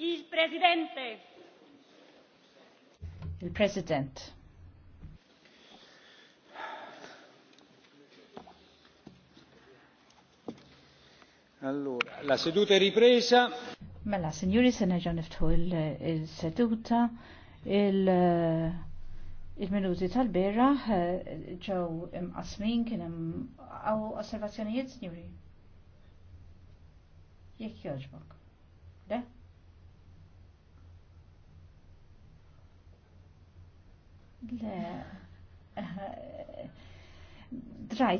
Il-Presidente. Il-President. Allora, la seduta è ripresa. Mela, signori, se neġa niftħu il-seduta, il, il-minuti eh, tal-bera eh, ġew imqasmin kien hemm għaw osservazzjonijiet, signori? Jekk jogħġbok. De? Le, drajt